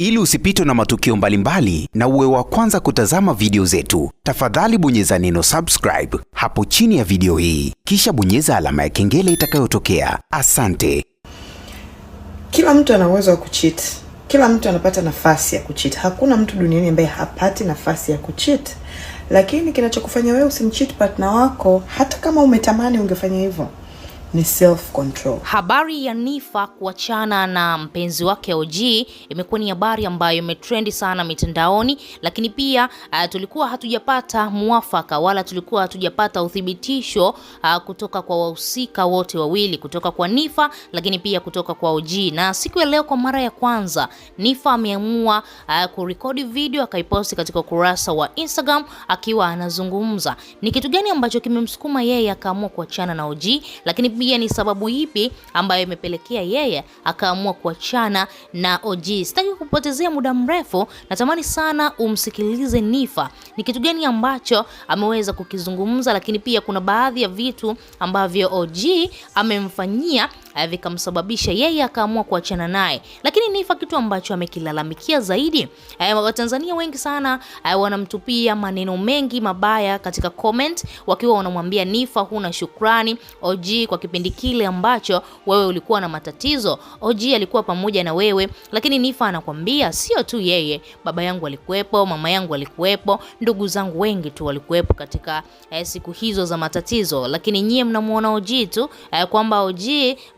Ili usipitwe na matukio mbalimbali mbali, na uwe wa kwanza kutazama video zetu, tafadhali bonyeza neno subscribe hapo chini ya video hii, kisha bonyeza alama ya kengele itakayotokea. Asante. Kila mtu ana uwezo wa kuchit kila mtu anapata nafasi ya kuchit Hakuna mtu duniani ambaye hapati nafasi ya kuchit lakini kinachokufanya wewe usimchit partner wako, hata kama umetamani ungefanya hivyo ni self control. Habari ya Nifa kuachana na mpenzi wake OG imekuwa ni habari ambayo imetrendi sana mitandaoni, lakini pia uh, tulikuwa hatujapata mwafaka wala tulikuwa hatujapata uthibitisho uh, kutoka kwa wahusika wote wawili, kutoka kwa Nifa lakini pia kutoka kwa OG. Na siku ya leo kwa mara ya kwanza Nifa ameamua uh, kurekodi video akaiposti katika ukurasa wa Instagram akiwa anazungumza ni kitu gani ambacho kimemsukuma yeye akaamua kuachana na OG, lakini pia ni sababu ipi ambayo imepelekea yeye akaamua kuachana na OG. Sitaki kupotezea muda mrefu, natamani sana umsikilize Nifa, ni kitu gani ambacho ameweza kukizungumza, lakini pia kuna baadhi ya vitu ambavyo OG amemfanyia eh, vikamsababisha yeye akaamua kuachana naye, lakini Hanifa, kitu ambacho amekilalamikia zaidi. Eh, Watanzania wengi sana eh, wanamtupia maneno mengi mabaya katika comment, wakiwa wanamwambia Nifa, huna shukrani OG kwa kipindi kile ambacho wewe ulikuwa na matatizo. OG alikuwa pamoja na wewe, lakini Nifa anakwambia sio tu yeye, baba yangu alikuwepo, mama yangu alikuwepo, ndugu zangu wengi tu walikuwepo katika eh, siku hizo za matatizo, lakini nyie mnamuona OG tu eh, kwamba OG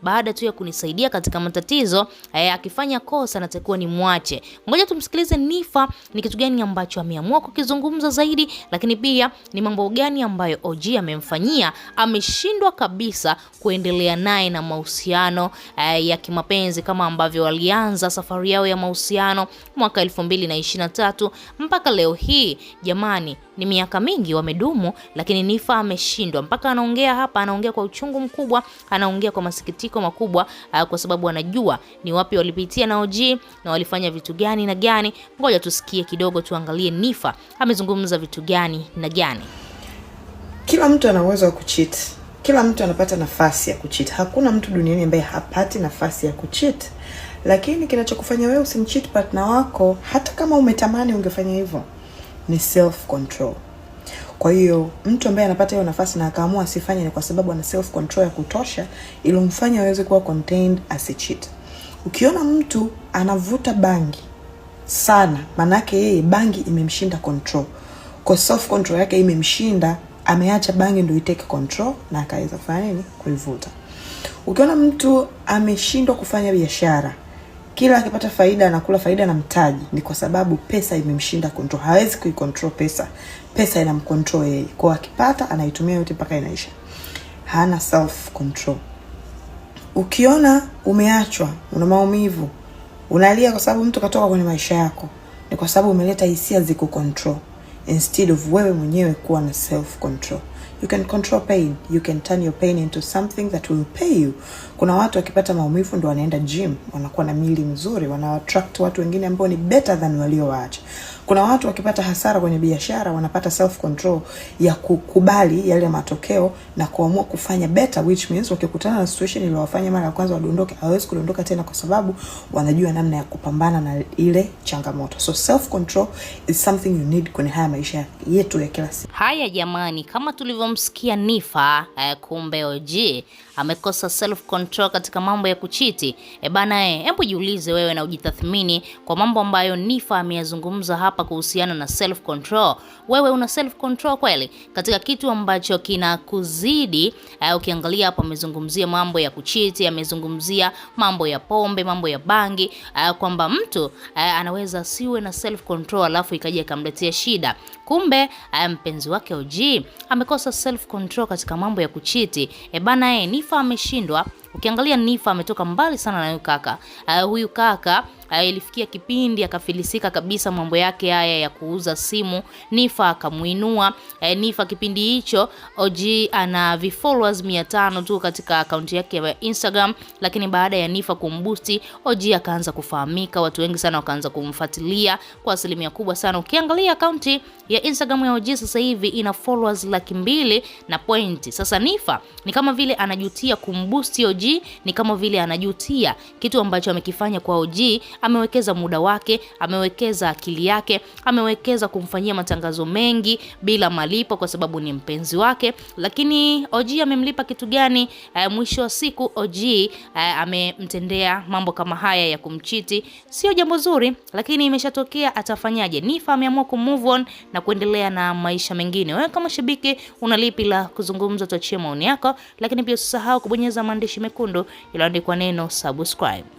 baada tu ya kunisaidia katika matatizo eh, akifanya kosa, natakiwa ni mwache. Ngoja tumsikilize Nifa ni kitu gani ambacho ameamua kukizungumza zaidi, lakini pia ni mambo gani ambayo OG amemfanyia ameshindwa kabisa kuendelea naye na mahusiano eh, ya kimapenzi kama ambavyo walianza safari yao ya mahusiano mwaka 2023 mpaka leo hii. Jamani, ni miaka mingi wamedumu, lakini Nifa ameshindwa mpaka anaongea hapa, anaongea kwa uchungu mkubwa, anaongea kwa masikitiko makubwa, eh, kwa sababu anajua ni wapi walipitia na OG na walifanya vitu gani na gani. Ngoja tusikie kidogo, tuangalie Nifa amezungumza vitu gani na gani. Kila mtu ana uwezo wa kucheat, kila mtu anapata nafasi ya kucheat. Hakuna mtu duniani ambaye hapati nafasi ya kucheat, lakini kinachokufanya wewe usimcheat partner wako, hata kama umetamani ungefanya hivyo, ni self control. Kwa hiyo mtu ambaye anapata hiyo nafasi na akaamua asifanye, ni kwa sababu ana self control ya kutosha ili ilomfanya aweze kuwa contained asicheat. Ukiona mtu anavuta bangi sana, maanake yeye bangi imemshinda control, kwa soft control yake imemshinda, ameacha bangi ndio iteke control na akaweza kufanya nini, kuivuta. Ukiona mtu ameshindwa kufanya biashara, kila akipata faida anakula faida na mtaji, ni kwa sababu pesa imemshinda control, hawezi kuicontrol pesa. Pesa inamcontrol yeye, kwa akipata anaitumia yote mpaka inaisha, hana self control. Ukiona umeachwa, una maumivu, unalia kwa sababu mtu katoka kwenye maisha yako, ni kwa sababu umeleta hisia ziku control instead of wewe mwenyewe kuwa na self control. You can control pain. You can turn your pain into something that will pay you. Kuna watu wakipata maumivu ndo wanaenda gym, wanakuwa na mili mzuri, wana attract watu wengine ambao ni better than waliowaacha. Kuna watu wakipata hasara kwenye biashara wanapata self control ya kukubali yale matokeo na kuamua kufanya better, which means wakikutana na situation iliyowafanya mara ya kwanza wadondoke, hawezi kudondoka tena, kwa sababu wanajua namna ya kupambana na ile changamoto. So self control is something you need kwenye haya maisha yetu ya kila siku. Haya jamani, kama tulivyomsikia Nifa, eh, kumbe OG amekosa self control katika mambo ya kuchiti. E bana, eh, hebu jiulize wewe na ujitathmini kwa mambo ambayo Nifa ameyazungumza hapa hapa kuhusiana na self control. Wewe una self control kweli katika kitu ambacho kinakuzidi? Eh, ukiangalia hapo, amezungumzia mambo ya kuchiti, amezungumzia mambo ya pombe, mambo ya bangi, eh, kwamba mtu eh, anaweza asiwe na self control alafu ikaja ikamletea shida. Kumbe mpenzi wake OG amekosa self control katika mambo ya kuchiti. E bana, e, Nifa ameshindwa Ukiangalia Nifa ametoka mbali sana na huyu kaka. Uh, huyu kaka uh, ilifikia kipindi akafilisika kabisa mambo yake haya ya kuuza simu. Nifa akamuinua. Uh, eh, Nifa kipindi hicho OG ana followers 500 tu katika akaunti yake ya Instagram, lakini baada ya Nifa kumbusti OG akaanza kufahamika, watu wengi sana wakaanza kumfuatilia kwa asilimia kubwa sana. Ukiangalia akaunti ya Instagram ya OG sasa hivi ina followers laki mbili na pointi. Sasa Nifa ni kama vile anajutia kumbusti OG OG ni kama vile anajutia kitu ambacho amekifanya kwa OG. Amewekeza muda wake, amewekeza akili yake, amewekeza kumfanyia matangazo mengi bila malipo, kwa sababu ni mpenzi wake. Lakini OG amemlipa kitu gani? E, mwisho wa siku OG e, eh, amemtendea mambo kama haya ya kumchiti, sio jambo zuri, lakini imeshatokea, atafanyaje? Nifa ameamua ku move on na kuendelea na maisha mengine. Wewe kama shabiki unalipi la kuzungumza? Tuachie maoni yako, lakini pia usisahau kubonyeza maandishi nyekundu iliyoandikwa neno subscribe.